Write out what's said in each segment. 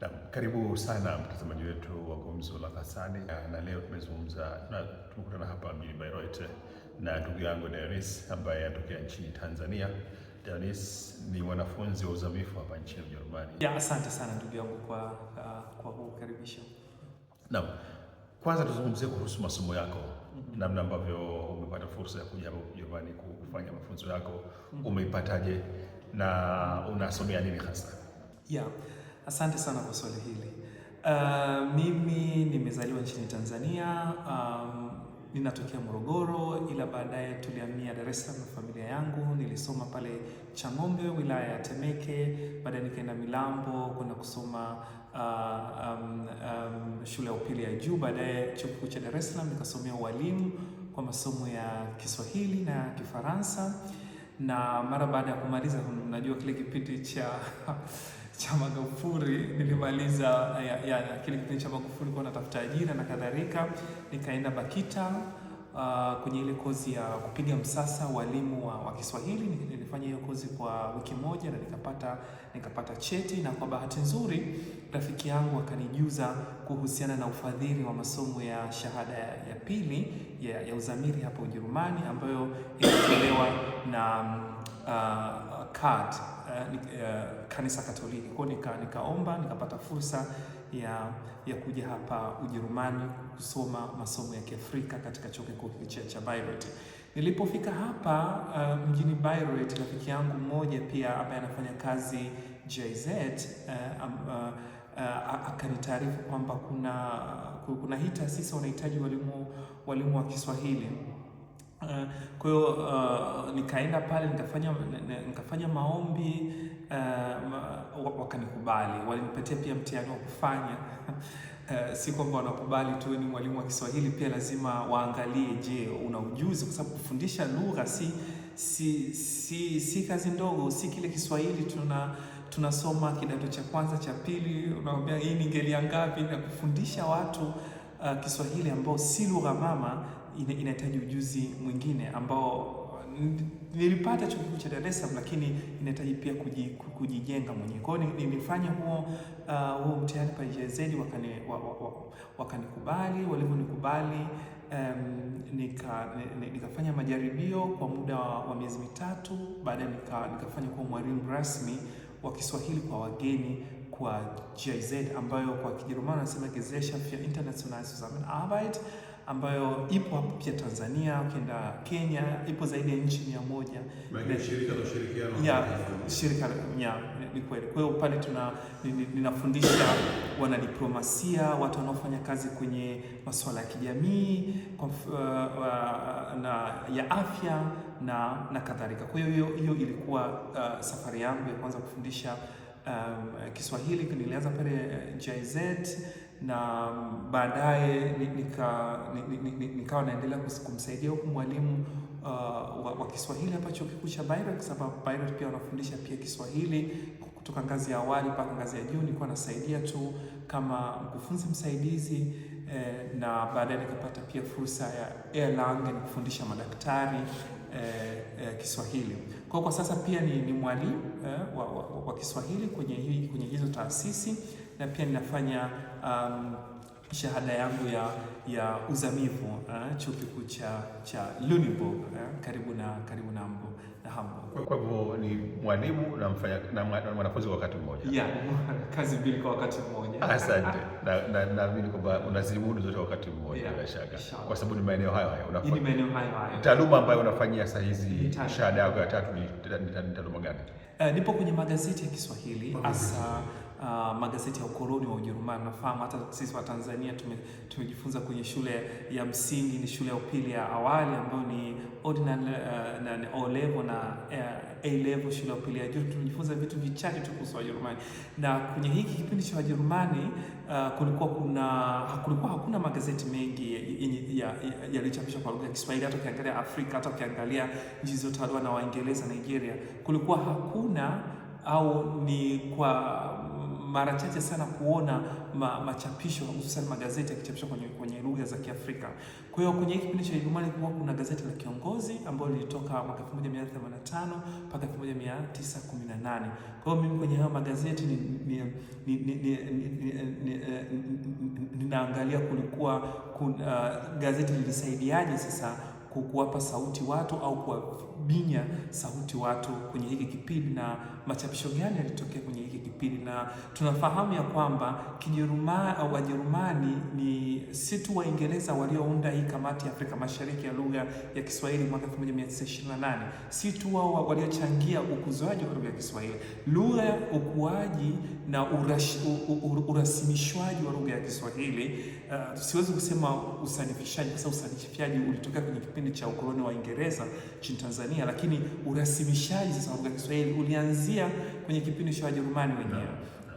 Na karibu sana mtazamaji wetu wa Gumzo la Ghassani, ah, na leo tumezungumza na tumekutana hapa mjini Bayreuth na ndugu yangu Dennis ambaye anatokea nchini Tanzania. Dennis ni mwanafunzi wa uzamifu hapa nchini Ujerumani. Ya, asante sana ndugu yangu kwa uh, kwa kukaribisha. Naam. Kwanza tuzungumzie kuhusu masomo yako mm -hmm. namna ambavyo umepata fursa ya kuja hapa Ujerumani kufanya mafunzo yako mm -hmm. umeipataje na unasomea nini hasa? Yeah. Asante sana kwa swali hili. Uh, mimi nimezaliwa nchini Tanzania. Um, ninatokea Morogoro ila baadaye tulihamia Dar es Salaam na familia yangu. Nilisoma pale Chang'ombe wilaya ya Temeke, baadaye nikaenda Milambo kwenda kusoma uh, um, um, shule ya upili ya juu, baadaye chuo kikuu cha Dar es Salaam nikasomea ualimu kwa masomo ya Kiswahili na Kifaransa, na mara baada ya kumaliza, unajua kile kipindi cha cha Magufuli nilimaliza eh, ya, ya, kile kipindi cha Magufuli kwa natafuta ajira na kadhalika, nikaenda BAKITA uh, kwenye ile kozi ya kupiga msasa walimu wa, wa Kiswahili. Nilifanya hiyo kozi kwa wiki moja na nikapata nikapata cheti, na kwa bahati nzuri rafiki yangu akanijuza kuhusiana na ufadhili wa masomo ya shahada ya, ya pili ya, ya uzamili hapa Ujerumani ambayo ilitolewa na uh, card uh, uh, kanisa Katoliki kwa nika, nikaomba nikapata fursa ya ya kuja hapa Ujerumani kusoma masomo ya Kiafrika katika chuo kikuu cha Bayreuth. Nilipofika hapa uh, mjini Bayreuth, rafiki yangu mmoja pia ambaye anafanya kazi JZ uh, uh, uh, akanitaarifu kwamba kuna kuna hii taasisi wanahitaji walimu walimu wa Kiswahili Eh, kwa hiyo uh, nikaenda pale nikafanya nikafanya maombi uh, wakanikubali, walinipatia pia mtihani wa kufanya uh, si kwamba wanakubali tu ni mwalimu wa Kiswahili, pia lazima waangalie, je, una ujuzi, kwa sababu kufundisha lugha si si si si kazi ndogo, si kile Kiswahili tuna tunasoma kidato cha kwanza cha pili, unaambia hii ni ngeli ngapi, na kufundisha watu uh, Kiswahili ambao si lugha mama inahitaji ujuzi mwingine ambao nilipata chuo kikuu cha Dar es Salaam, lakini inahitaji pia kujijenga mwenyewe. Kwa hiyo nilifanya huo uh, huo mtihani pale JZ, wakanikubali wa, wa, walivyonikubali um, nika, nikafanya majaribio kwa muda wa miezi mitatu, baadaye nika, nikafanya kuwa mwalimu rasmi wa Kiswahili kwa wageni kwa JZ, ambayo kwa Kijerumani wanasema Gesellschaft für internationale Zusammenarbeit ambayo ipo hapo pia Tanzania, ukienda Kenya ipo zaidi ya nchi mia moja shirika la ushirikiano ya shirika ya ni kweli. Kwa hiyo pale tuna ninafundisha wanadiplomasia, watu wanaofanya kazi kwenye masuala ya kijamii uh, uh, na ya afya na na kadhalika. Kwa hiyo hiyo ilikuwa uh, safari yangu ya kwanza kufundisha um, Kiswahili nilianza pale uh, jz na baadaye nika, nikawa naendelea kumsaidia huku mwalimu uh, wa, wa Kiswahili hapa Chuo Kikuu cha Bayreuth, kwa sababu Bayreuth pia wanafundisha pia Kiswahili kutoka ngazi ya awali mpaka ngazi ya juu. Nilikuwa nasaidia tu kama mkufunzi msaidizi eh, na baadaye nikapata pia fursa ya Erlangen kufundisha madaktari eh, eh, Kiswahili. Kwa kwa sasa pia ni, ni mwalimu eh, wa, wa, wa Kiswahili kwenye, kwenye hizo taasisi na pia ninafanya um, shahada yangu ya ya uzamivu eh, chuo kikuu cha cha Lüneburg uh, eh, karibu na karibu na Hamburg na Hamburg. Kwa hivyo ni mwalimu na mfanya na mwanafunzi kwa wakati mmoja. Yeah, kazi mbili kwa wakati mmoja. Asante. Na na naamini kwamba unazimudu zote wakati mmoja bila yeah, shaka. Kwa sababu ni maeneo hayo hayo unafanya. Ni maeneo hayo hayo. Taaluma ambayo unafanyia sasa hizi shahada yako ya tatu ni taaluma gani? Uh, nipo kwenye magazeti ya Kiswahili hasa uh, magazeti ya ukoloni wa Ujerumani. Nafahamu hata sisi wa Tanzania tume, tumejifunza kwenye shule ya msingi, ni shule ya upili ya awali ambayo ni ordinary uh, na O level na uh, A level, shule ya upili ya juu. Tumejifunza vitu vichache tu kuhusu Wajerumani, na kwenye hiki kipindi cha Wajerumani uh, kulikuwa kuna hakulikuwa hakuna magazeti mengi yalichapishwa ya, ya, ya kwa lugha ya Kiswahili. Hata ukiangalia Afrika, hata ukiangalia nchi zilizotolewa na Waingereza, Nigeria, kulikuwa hakuna au ni kwa mara chache sana kuona ma, machapisho hususan magazeti yakichapishwa kwenye, kwenye lugha za Kiafrika. Kwa hiyo kwenye kipindi cha Ijumaa ilikuwa kuna gazeti la Kiongozi ambalo lilitoka mwaka 1985 mpaka 1918. Kwa hiyo mimi kwenye hayo magazeti ninaangalia kulikuwa kuna, uh, gazeti lilisaidiaje sasa kuwapa sauti watu au kuwa binya sauti watu kwenye hiki kipindi na machapisho gani yalitokea kwenye hiki kipindi, na tunafahamu ya kwamba Kijerumani au Wajerumani ni si tu Waingereza waliounda hii kamati ya Afrika Mashariki ya lugha ya Kiswahili mwaka 1928, si tu wao waliochangia ukuzaji wa lugha ya Kiswahili, lugha ukuaji na urasimishwaji wa lugha ya Kiswahili. Uh, siwezi kusema usanifishaji kwa sababu usanifishaji ulitokea kwenye kipindi cha ukoloni wa Uingereza nchini Tanzania Tanzania, lakini urasimishaji sasa wa lugha ya Kiswahili ulianzia kwenye kipindi cha Wajerumani wenyewe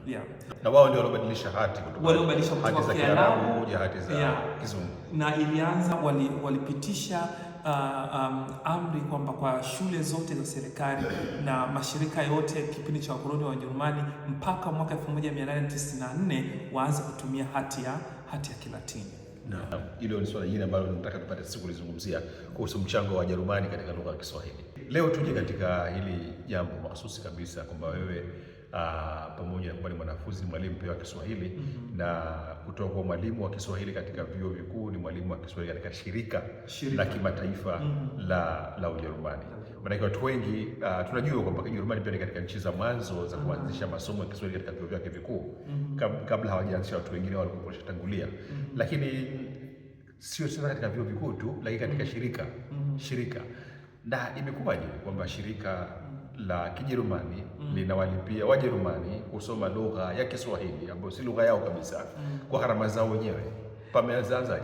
yeah. Na wao ndio waliobadilisha hati kutoka waliobadilisha kutoka za Kiarabu kuja hati za yeah. Kizungu na ilianza wali, walipitisha Uh, um, amri kwamba kwa shule zote za serikali na mashirika yote kipindi cha wakoloni wa wajerumani mpaka mwaka 1894 waanze kutumia hati ya hati ya Kilatini. Hilo ni swala jingine ambalo nataka tupate siku kulizungumzia kuhusu mchango wa Wajerumani katika lugha ya Kiswahili. Leo tuje katika hili jambo mahususi kabisa kwamba wewe ah, pamoja na kwamba ni mwanafunzi, ni mwalimu pia wa Kiswahili mm -hmm. na kutoka kwa mwalimu wa Kiswahili katika vyuo vikuu ni mwalimu wa Kiswahili katika shirika, shirika la kimataifa mm -hmm. la la Ujerumani maanake watu wengi uh, tunajua kwamba Kijerumani pia ni katika nchi za mwanzo za mm-hmm. kuanzisha masomo ya Kiswahili katika vyuo vyake vikuu mm -hmm. kabla hawajaanzisha watu wengine walikuwa washatangulia mm -hmm. lakini sio sasa katika vyuo vikuu tu, lakini katika mm -hmm. shirika mm -hmm. shirika na imekuwaje kwamba shirika mm-hmm. la Kijerumani mm. linawalipia Wajerumani kusoma lugha ya Kiswahili ambayo si lugha yao kabisa mm. kwa gharama zao wenyewe. Pameanzaje?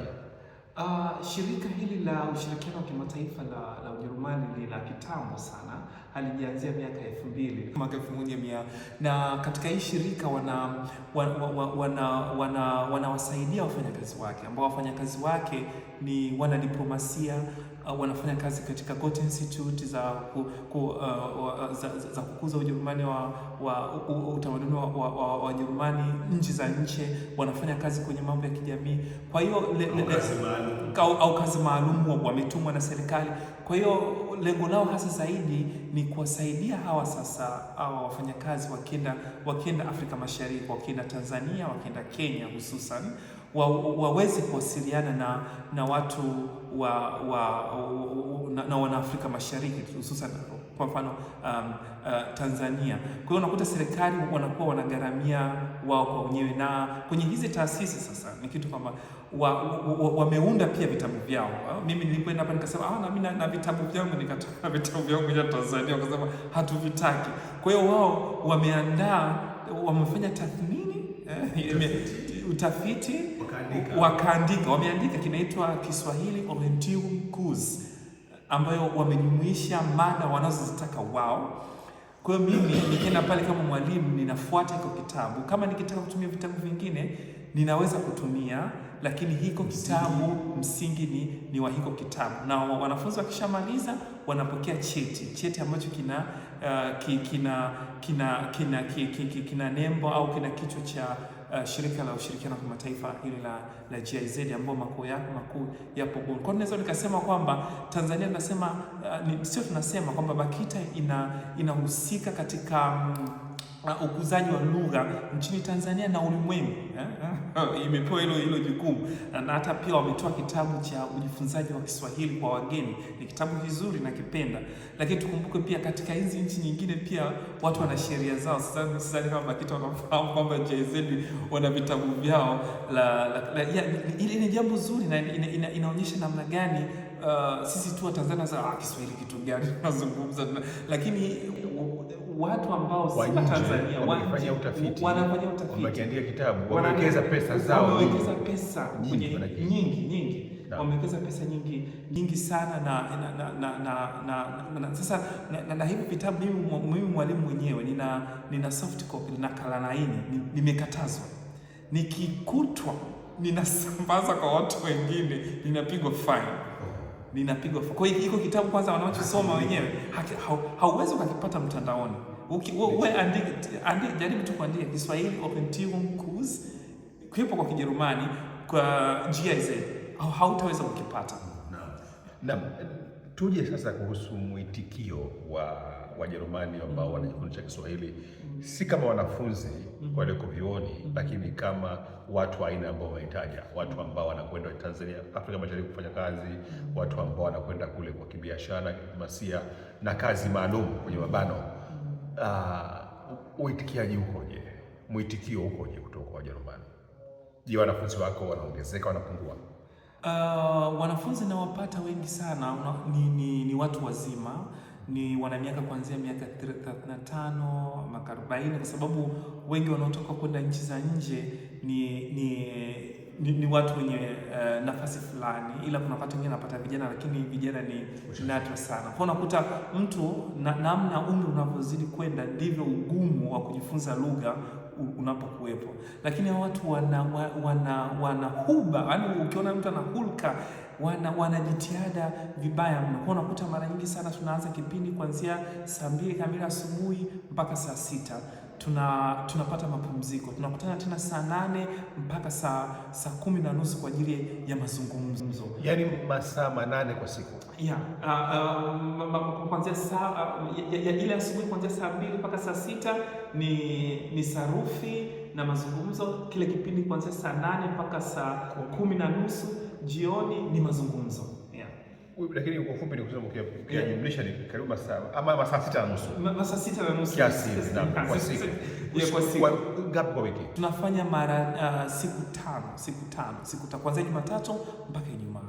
Uh, shirika hili la ushirikiano wa kimataifa la, la Ujerumani ni la kitambo sana alijianzia miaka elfu mbili mwaka elfu moja mia na katika hii shirika wana wanawasaidia wana, wana, wana wafanyakazi wake ambao wafanyakazi wake ni wanadiplomasia uh, wanafanya kazi katika Goethe Institute za, ku, ku, uh, za, za, za kukuza Ujerumani wa, wa utamaduni wa Wajerumani wa, wa nchi za nje, wanafanya kazi kwenye mambo ya kijamii, kwa hiyo au kazi maalum wametumwa na serikali, kwa hiyo lengo lao hasa zaidi ni kuwasaidia hawa sasa hawa wafanyakazi wakienda wakienda Afrika Mashariki, wakienda Tanzania, wakienda Kenya hususan wa, waweze kuwasiliana na, na watu wa, wa, wa, na, na Wanaafrika Mashariki hususan kwa mfano um, uh, Tanzania. Kwa hiyo unakuta serikali wanakuwa wanagharamia wao kwa wenyewe, na kwenye hizi taasisi sasa ni kitu kwamba wameunda wa, wa, wa pia vitabu vyao. Ah, mimi nilipoenda hapa nikasema ah, na mimi na vitabu vyangu, nikatoa vitabu vyangu vya Tanzania, wakasema hatuvitaki. Kwa hiyo wao wameandaa, wamefanya tathmini eh, utafiti, wakaandika, wameandika kinaitwa Kiswahili Orientium Course ambayo wamejumuisha mada wanazozitaka wao. Kwa hiyo mimi nikienda pale kama mwalimu ninafuata hiko kitabu. Kama nikitaka kutumia vitabu vingine ninaweza kutumia, lakini hiko kitabu msingi ni, ni wa hiko kitabu, na wanafunzi wakishamaliza wanapokea cheti, cheti ambacho kina uh, kina kina kina, kina, kina, kina nembo au kina kichwa cha uh, shirika la ushirikiano wa kimataifa hili la, la GIZ ambao makao yake makuu yapo Boni. Kwa naweza nikasema kwamba Tanzania tunasema uh, sio tunasema kwamba BAKITA inahusika katika um, Uh, ukuzaji wa lugha nchini Tanzania na ulimwengu eh? Imepewa hilo hilo jukumu na hata pia wametoa kitabu cha ujifunzaji wa Kiswahili kwa wageni. Ni kitabu kizuri na kipenda, lakini tukumbuke pia katika hizi nchi nyingine pia watu wana sheria zao. Sasa sidhani kama BAKITA wanafahamu kwamba JZ wana vitabu vyao la, la, la, ya, ili ni jambo zuri na ina, ina, inaonyesha namna gani uh, sisi tu wa Tanzania ah, Kiswahili kitu gani tunazungumza, lakini watu ambao si Tanzania wanafanya utafiti, wanafanya utafiti, wameandika kitabu, wamewekeza pesa zao, wamewekeza pesa nyingi nyingi nyingi, wamewekeza pesa nyingi nyingi sana, na na na na na na, na sasa na na, na hivi vitabu, mimi mwalimu mwenyewe nina nina soft copy na kalalaini, nimekatazwa nikikutwa ninasambaza kwa watu wengine, ninapigwa fine ninapigwa. Kwa hiyo iko kitabu kwanza wanachosoma wenyewe hauwezi ukakipata mtandaoni. Wewe andike, jaribu tu kuandika Kiswahili OpenTV Kurs kipo kwa Kijerumani kwa GIZ hautaweza kukipata. Naam, tuje sasa kuhusu mwitikio wa Wajerumani ambao wanajifunza Kiswahili si kama wanafunzi walioko vioni, lakini kama watu aina ambao wanaitaja, watu ambao wanakwenda Tanzania, Afrika Mashariki kufanya kazi, watu ambao wanakwenda kule kwa kibiashara, kidiplomasia na kazi maalum kwenye mabano. Uh, ah, uitikiaji ukoje? Mwitikio ukoje kutoka kwa Wajerumani? Je, wanafunzi wako wanaongezeka, wanapungua? Uh, wanafunzi nawapata wengi sana una, ni, ni, ni watu wazima ni wana miaka kuanzia miaka 35 maka 40, kwa sababu wengi wanaotoka kwenda nchi za nje ni ni, ni, ni watu wenye uh, nafasi fulani, ila kuna wakati wengine anapata vijana, lakini vijana ni nadra sana. Kwa unakuta mtu na, namna umri unavyozidi kwenda ndivyo ugumu wa kujifunza lugha unapokuwepo, lakini watu wana, wana, wana huba, yaani ukiona mtu ana hulka wana wanajitihada vibaya mno. Kwa unakuta mara nyingi sana tunaanza kipindi kuanzia saa mbili kamili asubuhi mpaka saa sita tuna tunapata mapumziko, tunakutana tena saa nane mpaka saa saa kumi na nusu kwa ajili ya mazungumzo, yaani masaa manane kwa siku yeah. kuanzia saa ile asubuhi kuanzia saa mbili mpaka saa sita ni ni sarufi na mazungumzo, kile kipindi kuanzia saa nane mpaka saa kumi na nusu jioni ni mazungumzo Lakini kwa ufupi ni kusema kwa ukijumlisha ni karibu masaa ama masaa sita na nusu masaa sita na nusu kiasi kwa siku kwa ngapi kwa wiki? Tunafanya mara uh, siku tano siku tano siku tano kuanzia Jumatatu mpaka Ijumaa.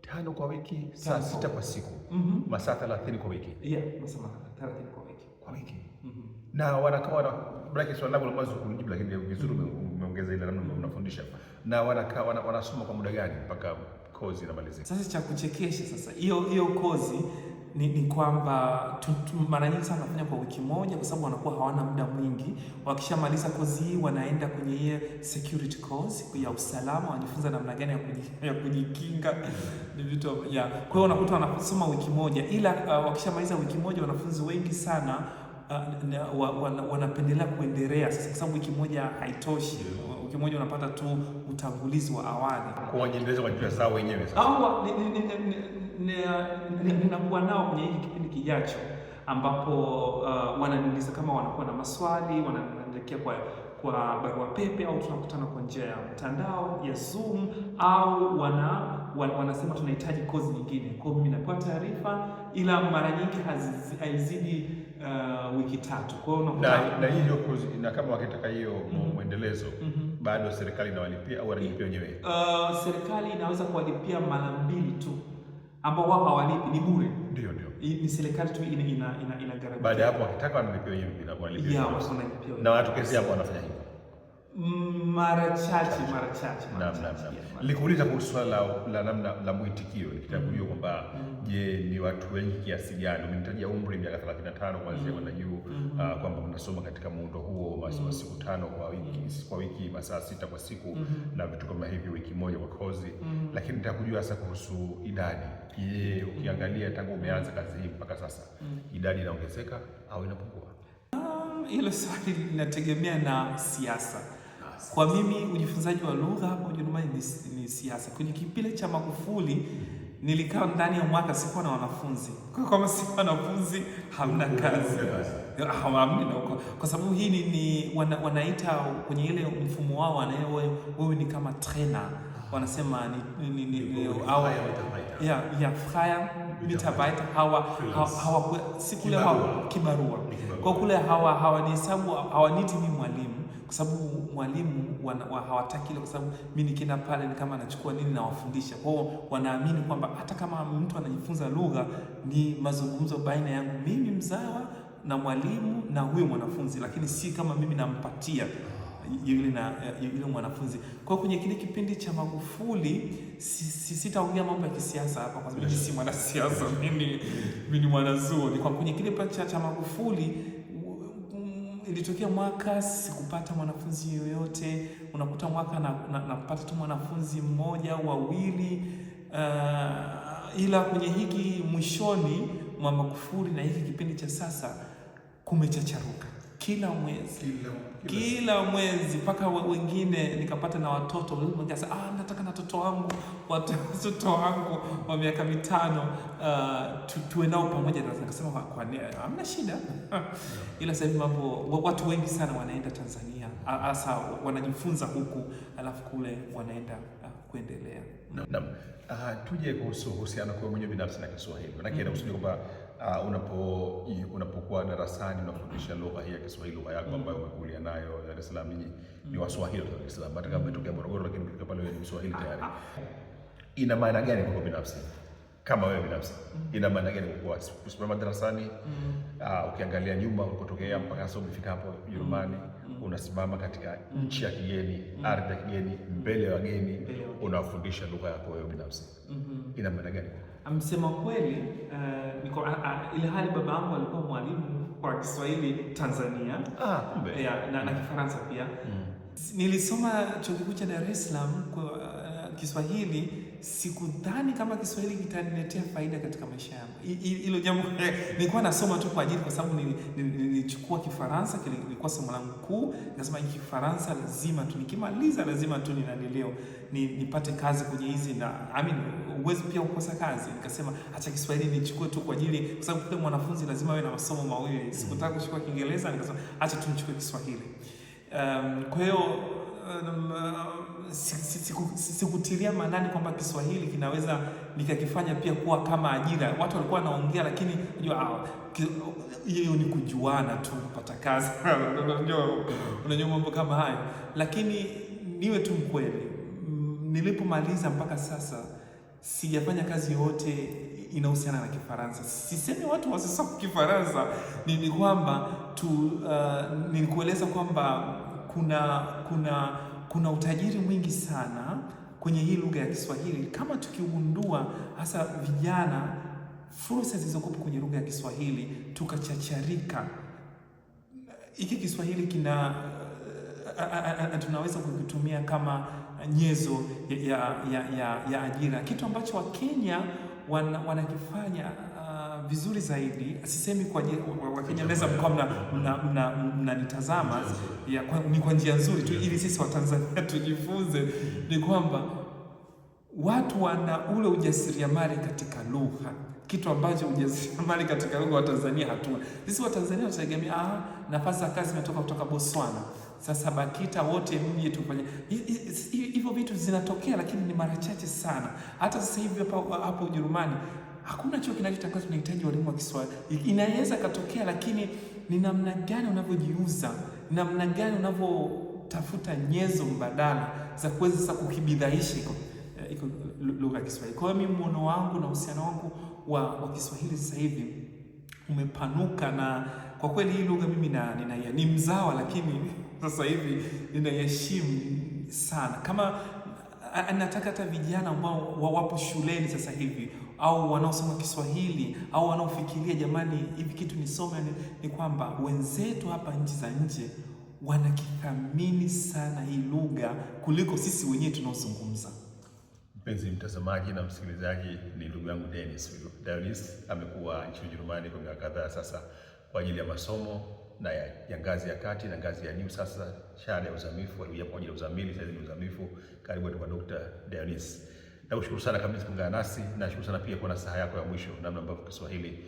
Tano kwa wiki, saa sita kwa siku mm -hmm. masaa thelathini kwa wiki yeah, masaa thelathini kwa wiki kwa wiki mm -hmm. na wanakaa wana langu la na mazungumzo lakini vizuri mhm kuongeza ile namna mnafundisha na wana, wanasoma kwa muda gani mpaka kozi inamalizika? Sasa cha kuchekesha sasa, hiyo hiyo kozi ni, ni kwamba mara nyingi sana wanafanya kwa wiki moja, kwa sababu wanakuwa hawana muda mwingi. Wakishamaliza kozi hii, wanaenda kwenye ile security course ya usalama, wanajifunza namna gani ya kujikinga ni vitu ya. Kwa hiyo unakuta wanasoma wiki moja, ila uh, wakishamaliza wiki moja, wanafunzi wengi sana Uh, uh, wanapendelea kuendelea sasa, kwa sababu wiki moja haitoshi Wiki moja unapata tu utangulizi wa awali kwa kwa njia zao wenyewe sasa, au ninakuwa nao kwenye hiki kipindi kijacho ambapo uh, wananiuliza kama wanakuwa na maswali, wanaelekea kwa kwa barua pepe au tunakutana kwa njia ya mtandao ya Zoom au wana wanasema tunahitaji kozi nyingine. Kwa hiyo mimi napewa taarifa, ila mara nyingi haizidi uh, wiki tatu na, na hiyo na kama wakitaka hiyo mhm. mwendelezo mm -hmm. bado serikali inawalipia au wanalipia eh, wenyewe? Uh, serikali inaweza kuwalipia mara mbili tu ambao wao hawalipi, ni bure. Ndio, ndio, ni serikali tu ina ina ina, ina garantia. Baada ya hapo wakitaka wanalipia wenyewe, wanalipia na watu kesi hapo wanafanya hivyo mara chache mara chache. Nilikuuliza kuhusu swala la namna la mwitikio, nikitaka mm. kwamba mm. je, ni watu wengi kiasi gani? Umenitajia umri miaka 35 kuanzia mm. kwenda juu, mm-hmm. ah, kwamba mnasoma katika muundo huo masomo siku tano kwa wiki kwa wiki masaa sita kwa siku mm-hmm. na vitu kama hivyo, wiki moja kwa kozi mm-hmm. lakini nataka kujua hasa kuhusu idadi. Je, ukiangalia tangu umeanza kazi hii mpaka sasa idadi inaongezeka au inapungua? Um, hilo swali linategemea na siasa kwa mimi ujifunzaji wa lugha hapa Ujerumani ni, ni siasa. Kwenye kipile cha Magufuli nilikaa ndani ya mwaka sikuwa na wanafunzi. Kwa kama sikuwa na wanafunzi hamna kazi. huko. Kwa sababu hii ni, ni wana, wanaita kwenye ile mfumo wao wanayo wewe ni kama trainer. Wanasema ni ni ni, ni au ya ya freier hawa hawa hawa kibarua. Kwa kule hawa hawa ni hesabu hawaniti mimi mwalimu kwa sababu mwalimu hawataki ile, kwa sababu mimi nikienda pale ni kama anachukua nini nawafundisha. Kwa hiyo wanaamini kwamba hata kama mtu anajifunza lugha ni mazungumzo baina yangu mimi mzawa na mwalimu na huyo mwanafunzi, lakini si kama mimi nampatia yule na eh, yule mwanafunzi. Kwa hiyo kwenye kile kipindi cha Magufuli si, si, mambo ya kisiasa hapa kwa sababu si mwanasiasa mimi, mimi ni mwanazuoni. Kwa kwenye kile cha, cha Magufuli ilitokea mwaka sikupata mwanafunzi yoyote, unakuta mwaka na, na, tu mwanafunzi mmoja au wawili uh, ila kwenye hiki mwishoni mwa Magufuli na hiki kipindi cha sasa kumechacharuka kila mwezi kila, kila, kila mwezi mpaka wengine nikapata na watoto sasa, ah, nataka na watoto wangu watoto wangu wa miaka mitano uh, tuwe nao pamoja. Nikasema hamna shida ila sasa hivi mambo, watu wengi sana wanaenda Tanzania hasa wanajifunza huku alafu kule wanaenda uh, kuendelea. Naam, uh, tuje kuhusu uhusiano kwa mwenyewe binafsi na Kiswahili manake mm-hmm. nakusudia kwamba uh, unapo unapokuwa darasani unafundisha lugha hii ya Kiswahili, lugha yako mm. ambayo umekulia nayo Dar es Salaam. ni ni mm. Waswahili wa Dar es Salaam, hata kama umetokea Morogoro, lakini ukifika pale ni Mswahili ah, tayari. Ah. Ina maana gani kwako binafsi? kama wewe binafsi ina maana gani kwa kusimama darasani? Uh, mm. ah, ukiangalia nyuma ulikotokea mpaka sasa umefika hapo Ujerumani, mm. unasimama katika mm. nchi ya kigeni, ardhi ya kigeni, mbele ya wageni, unafundisha lugha yako wewe binafsi, mm-hmm. ina maana gani? Amsema kweli, uh, ile hali baba yangu alikuwa mwalimu kwa Kiswahili Tanzania, ah, kumbe yeah, na, na Kifaransa pia mm. Nilisoma chuo kikuu cha Dar es Salaam kwa uh, Kiswahili sikudhani kama Kiswahili kitaniletea faida katika maisha yangu. Hilo jambo nilikuwa nasoma tu kwa ajili, kwa sababu nilichukua Kifaransa, kilikuwa somo langu kuu. Nasema Kifaransa lazima tu nikimaliza, lazima tu ninanileo ni, nipate kazi kwenye hizi na I mean, uwezi pia kukosa kazi. Nikasema acha Kiswahili nichukue tu kwa ajili, kwa sababu kwa mwanafunzi lazima awe na masomo mawili. Sikutaka kuchukua Kiingereza, nikasema acha tu nichukue Kiswahili. Um, kwa hiyo um, um, sikutilia si, si maanani kwamba Kiswahili kinaweza nikakifanya pia kuwa kama ajira. Watu walikuwa wanaongea, lakini ah, hiyo ni kujuana tu, kupata kazi unajua mambo kama hayo. Lakini niwe tu mkweli, mm, nilipomaliza mpaka sasa sijafanya kazi yoyote inahusiana na Kifaransa. Sisemi watu wasisoma Kifaransa, ni kwamba tu uh, nilikueleza kwamba kuna kuna kuna utajiri mwingi sana kwenye hii lugha ya Kiswahili kama tukigundua hasa vijana, fursa zilizokuwa kwenye lugha ya Kiswahili tukachacharika. Hiki Kiswahili kina eh, tunaweza kukitumia kama nyenzo ya, ya, ya, ya ajira, kitu ambacho Wakenya wan, wanakifanya vizuri zaidi, sisemi kwa Wakenya mnaweza mkawa mnanitazama, ni kwa njia nzuri tu, ili sisi Watanzania tujifunze, ni kwamba watu wana ule ujasiriamali katika lugha, kitu ambacho ujasiriamali katika lugha Watanzania hatuna. Sisi Watanzania tunategemea ah, nafasi za kazi imetoka kutoka Botswana, sasa BAKITA wote mje tufanye hivyo. Vitu zinatokea, lakini ni mara chache sana. Hata sasa hivi hapo Ujerumani hakuna chuo kinachotangaza tunahitaji walimu wa Kiswahili. Inaweza katokea, lakini ni namna gani unavyojiuza, namna gani unavyotafuta nyenzo mbadala za kuweza sasa kukibidhaisha iko eh, iko lugha ya Kiswahili. Kwa hiyo mimi muono wangu na uhusiano wangu wa, wa Kiswahili sasa hivi umepanuka na kwa kweli hii lugha mimi na, nina, ni mzawa lakini sasa hivi ninaheshimu sana kama nataka hata vijana ambao wapo shuleni sasa hivi au wanaosoma Kiswahili au wanaofikiria jamani, hivi kitu nisome, ni, ni kwamba wenzetu hapa nchi za nje wanakithamini sana hii lugha kuliko sisi wenyewe tunaozungumza. Mpenzi mtazamaji na msikilizaji, ni ndugu yangu Dennis Dennis amekuwa nchini Ujerumani kwa miaka kadhaa sasa kwa ajili ya masomo na ya, ya ngazi ya kati na ngazi ya juu. Sasa shahada ya uzamifu alikuja kwa ajili ya uzamili, sasa ni uzamifu. Karibu kwa Dr. Dennis. Nakushukuru sana kabisa kuungana nasi. Nashukuru sana pia kwa nasaha yako ya mwisho, namna ambavyo Kiswahili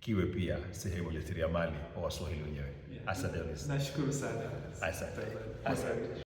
kiwe pia sehemu ya mali kwa Waswahili wenyewe. Asante. Nashukuru sana. Asante. Asante.